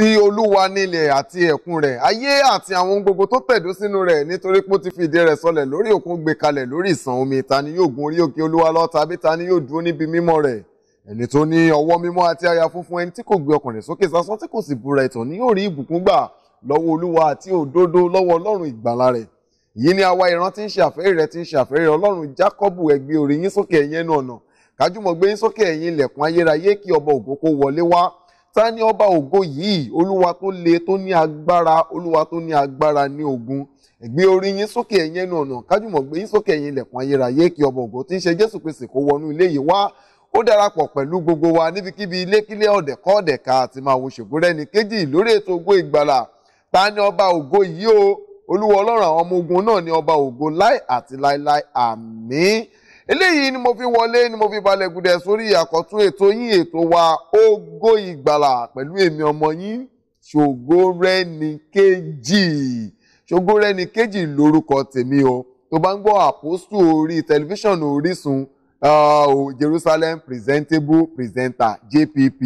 ti olúwa nílẹ̀ àti ẹ̀kún rẹ̀ ayé àti àwọn gbogbo tó tẹ̀dó sínú rẹ̀ nítorí pé ó ti fi ìdí rẹ̀ sọlẹ̀ lórí òkun gbé kalẹ̀ lórí ìsàn omi ta ni yóò gun orí òkè olúwa lọ tàbí ta ni yóò dúró níbi mímọ́ rẹ̀ ẹni tó ní ọwọ́ mímọ́ àti àyà funfun ẹni tí kò gbé ọkàn rẹ̀ sókè sásán tí kò sì búra ẹ̀tàn ni yóò rí ìbùkún gbà lọ́wọ́ olúwa àti òdodo lọ́wọ́ ọlọ́run ìgbàlà rẹ̀ yìí ni àwa ìran tí ń ṣe àfẹ́rí rẹ̀ tí ń ṣe àfẹ́rí ọlọ́run jákọ́bù ẹ gbé yín sókè ẹ̀yin ẹnu ọ̀nà kájúmọ̀ gbé yín sókè ẹ̀yin ilẹ̀kùn ayérayé kí ọba ògo wọlé wá ta ni ọba ògo yìí olúwa tó le tó ní agbára olúwa tó ní agbára ní ogun ẹgbẹ́ orí yín sókè ẹ̀yin ẹnu ọ̀nà kájùmọ̀ gbé yín sókè ẹ̀yin ilẹ̀kùn ayérayé kí ọba ògo tí ń ṣe jésù kristi kó wọnú ilé yìí wá ó darapọ̀ pẹ̀lú gbogbo wa níbikíbi ilékílé ọ̀dẹ̀kọ́ ọ̀dẹ̀ka àti máa wo ṣògbórẹ́ni kejì lórí ètò ògo ìgbàlà ta ọba ògo yìí o olúwa ọlọ́run àwọn ọmọ ogun náà ni ọba ògo láì àti láíláí àmín eléyìí ni mo fi wọlé ni mo fi balẹ̀ gùdẹ̀ sórí àkọ́tún ètò yín ètò wa Ògo Ìgbàlà pẹ̀lú èmi ọmọ yín Ṣògorẹ́níkejì Ṣògorẹ́níkejì lórúkọ tèmi o tó bá ń gbọ́ àpòsù orí tẹlifíṣàn Orísun uh, Jerusalem presentable presenter JPP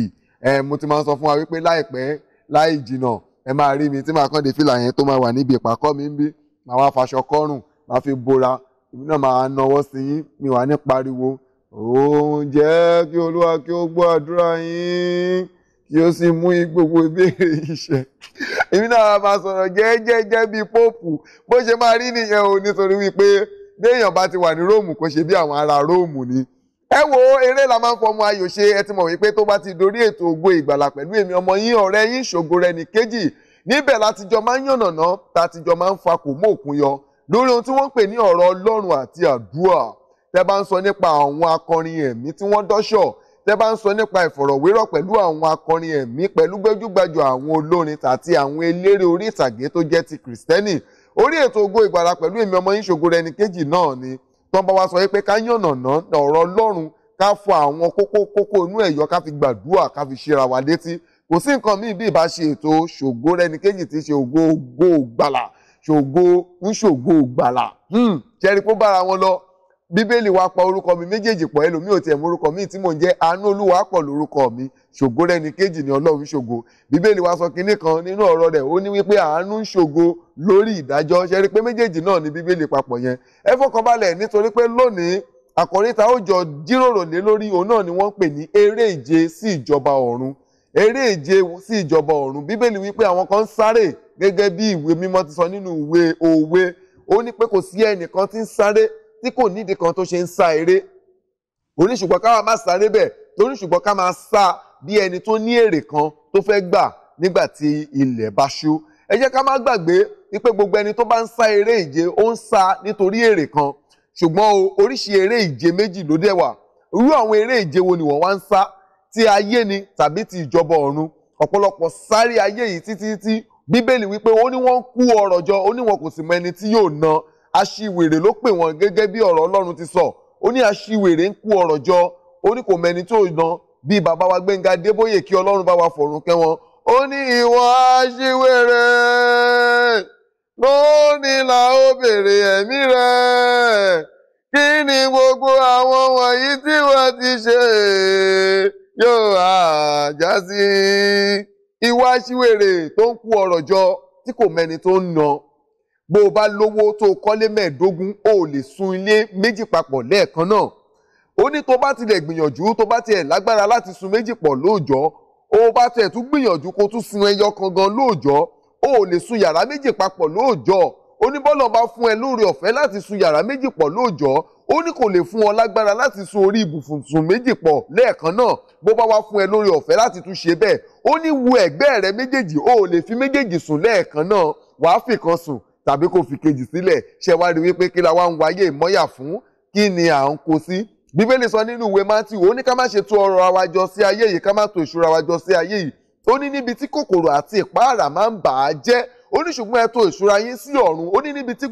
mo ti máa ń sọ fún wa wípé láìpẹ́ láì jìnà ẹ máa rí mi tí màá kàn dé fìlà yẹn tó máa wà níbi ìpàkọ́ mi ń bí màá wá faṣọ kọ́rùn màá fi bora èmi náà máa náwó sí yín mi wà ní pariwo òun jẹ́ kí olúwa kí ó gbọ́ àdúrà yín kí ó sì mú gbogbo ìbéèrè yìí ṣẹ èmi náà máa sọ̀rọ̀ jẹ́jẹ́jẹ́ bíi póòpù bó ṣe máa rí nìyẹn o nítorí wípé béèyàn bá ti wà ní róòmù kó ṣe bí àwọn ará róòmù ni ẹ wo eré la máa ń fọmọ ayò ṣe ẹ ti mọ̀ wípé tó bá ti dorí ètò ògo ìgbàlà pẹ̀lú èmi ọmọ yín ọ̀rẹ́ yín ṣògo rẹ nìkejì níbẹ̀ látijọ́ máa ń yànnàná tàtijọ́ máa ń fakò mọ́ òkun yọ lórí ohun tí wọ́n ń pè ní ọ̀rọ̀ ọlọ́run àti àdúrà tẹ́ bá ń sọ nípa àwọn akọrin ẹ̀mí tí wọ́n dọ́ṣọ̀ tẹ́ bá ń sọ nípa ìfọ̀rọ̀wérọ̀ pẹ̀lú àwọn akọrin ẹ̀mí pẹ̀lú gbẹ́júgbàjọ àwọn olórin àti àwọn eléré orí ìtàgé tó jẹ́ ti kìrìsìtẹ́nì orí ètò Ògo Ìgbàlà pẹ̀lú èmi ọmọ yín Ṣògorẹ̀ní Kejì náà ni tó ń bá wa sọ pé ká yànnàná ọ̀rọ̀ ọlọ́run ká fọ àwọn kókó kókó inú ẹ̀yọ́ ká fi gbàdúrà ká fi ṣera wa létí kò sí nǹkan míì bí ìbá ṣe ètò Ṣògorẹ̀ní Kejì ti ṣe Ògo Ògo ṣògo ń ṣògo gbàlà hmm, ṣẹ́rí kó bára wọn lọ bíbélì wa pa orúkọ mi méjèèjì pọ̀ ẹlòmíì ò tiẹ̀ mú orúkọ mi tí mò ń jẹ́ àánú olúwa pọ̀ lórúkọ mi ṣògo rẹni kejì ni ọlọ́run ṣògo bíbélì wa sọ kinní kan nínú ọ̀rọ̀ rẹ̀ ó ní wípé àánú ń ṣògo lórí ìdájọ́ ṣẹ́rí pé méjèèjì náà ni bíbélì papọ̀ yẹn ẹ fọkànbalẹ̀ nítorí pé lónìí àkòrí ó jọ jíròrò lé lórí òun náà ni wọ́n ń pè ní eré ìje sí ìjọba ọ̀run eré ìje sí ìjọba ọ̀run bíbélì wípé àwọn kan ń sáré gẹ́gẹ́ bí ìwé mímọ́ ti sọ nínú ìwé òwe ó ní pé kò sí ẹnìkan tí ń sáré tí kò nídìí kan tó ṣe ń sá eré ó ní ṣùgbọ́n ká máa sáré bẹ́ẹ̀ torí ṣùgbọ́n ká máa sá bí ẹni tó ní èrè kan tó fẹ́ gbà nígbà tí ilẹ̀ bá ṣú ẹ jẹ́ ká má gbàgbé wípé gbogbo ẹni tó bá ń sá eré ìje ó ń sá nítorí èrè kan ṣùgbọ́n oríṣi eré ìje méjì ló dẹ̀ wà irú àwọn eré ìje wo ni wọ́n wá ń sá ti ayé ni tàbí ti ìjọba ọ̀run ọ̀pọ̀lọpọ̀ sáré ayé yìí títí tí bíbélì wípé ó ní wọ́n kú ọrọ̀ jọ ó ní wọn kò sì mọ ẹni tí yóò na aṣiwèrè ló pè wọ́n gẹ́gẹ́ bí ọ̀rọ̀ ọlọ́run ti sọ ó ní aṣiwèrè ń kú ọrọ̀ jọ ó ní kò mẹni tó na bí bàbá wa gbẹ̀ngà débóyè kí ọlọ́run bá wa fọ̀run kẹ́ wọn ó ní ìwọ aṣiwèrè lónìí ó béèrè ẹ̀mí rẹ̀ kí ni gbogbo àwọn wọ̀nyí tí wọ́n ti ṣe é yóò àjà sí ìwà ṣíwèrè tó ń kú ọ̀rọ̀ jọ tí kò mẹ́ni tó ń nà bó o bá lówó tó o kọ́lé mẹ́ẹ̀ẹ́dógún o ò lè sun ilé méjì papọ̀ lẹ́ẹ̀kan náà ó ní tó bá tilẹ̀ gbìyànjú tó bá tiẹ̀ lágbára láti sun méjì pọ̀ lóòjọ́ ó bá tiẹ̀ tún gbìyànjú kó tún sun ẹyọ kan gan lóòjọ́ o lè sun yàrá méjì papọ̀ lóòjọ́ ó ní bọ́lọ̀ bá fún ẹ lóore ọ̀fẹ́ láti sun yàrá méjì pọ̀ lóòjọ́ ó ní kò lè fún ọ lágbára láti sun orí ibùsùn sùn méjì pọ̀ lẹ́ẹ̀kan náà bó bá wá fún ẹ lóore ọ̀fẹ́ láti tún ṣe bẹ́ẹ̀ ó ní wo ẹ̀gbẹ́ rẹ méjèèjì ó lè fi méjèèjì sùn lẹ́ẹ̀kan náà wàá fìkan sùn tàbí kò fi kejì sílẹ̀ ṣe wá rí wípé kí la wá ń wáyé ìmọ́yà fún kí ni à ń kó sí bíbélì sọ nínú ìwé Mátíù ó ní ká má ṣe tò ọrọ̀ àwa jọ sí ayé yìí ká má tò ìṣúra wa sí ayé yìí ó ní níbi tí kòkòrò àti ìpáàrà máa ń bà á jẹ́ ó ní ṣùgbọ́n ẹ tò ìṣúra yín sí ọ̀run ó ní níbi tí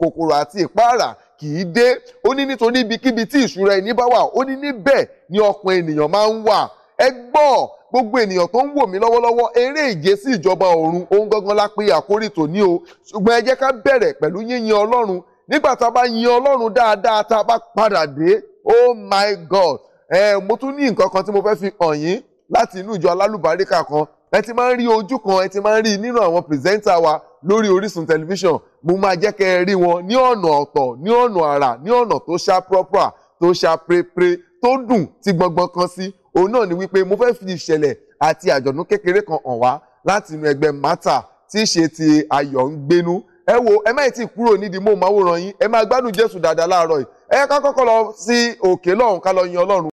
kòkòrò àti ìpáàrà kì í dé ó ní nítorí ibikíbi tí ìṣúra ẹni bá wà ó ní níbẹ̀ ni ọkàn ènìyàn máa ń wà ẹ gbọ́ gbogbo ènìyàn tó ń wò mí lọ́wọ́lọ́wọ́ eré ìje sí ìjọba ọ̀run ohun gangan la pe àkórí tòní o ṣùgbọ́n ẹ jẹ́ ká bẹ̀rẹ̀ pẹ̀lú yíyin ọlọ́run nígbà tá a bá yin ọlọ́run dáadáa tá a bá padà dé oh my god ẹ mo tún ní nǹkan kan tí mo fẹ́ fi hàn yín láti inú ìjọ alálùbáríkà kan ẹ ti máa ń rí ojú kan ẹ ti máa ń rí nínú àwọn pìrìsẹ́ńtà wa lórí Orísun tẹlifíṣàn mo máa jẹ́ kẹ́ ẹ rí wọn ní ọ̀nà ọ̀tọ̀ ní ọ̀nà àrà ní ọ̀nà tó ṣá pọ́pọ́ tó ṣá pérépéré tó dùn tí gbọ̀ngbọ̀n kan sí òun náà ni wípé mo fẹ́ fi ìṣẹ̀lẹ̀ àti àjọ̀dún kékeré kan hàn wá láti inú ẹgbẹ́ mata tí í ṣe ti ayọ̀ ń gbénú ẹ wo ẹ má tí ì kúrò nídìí mò ń máwòrán yín ẹ máa gbádùn Jésù dáadáa láàárọ̀ yìí ẹ ká kọ́kọ́ lọ sí òkè lọ́hùn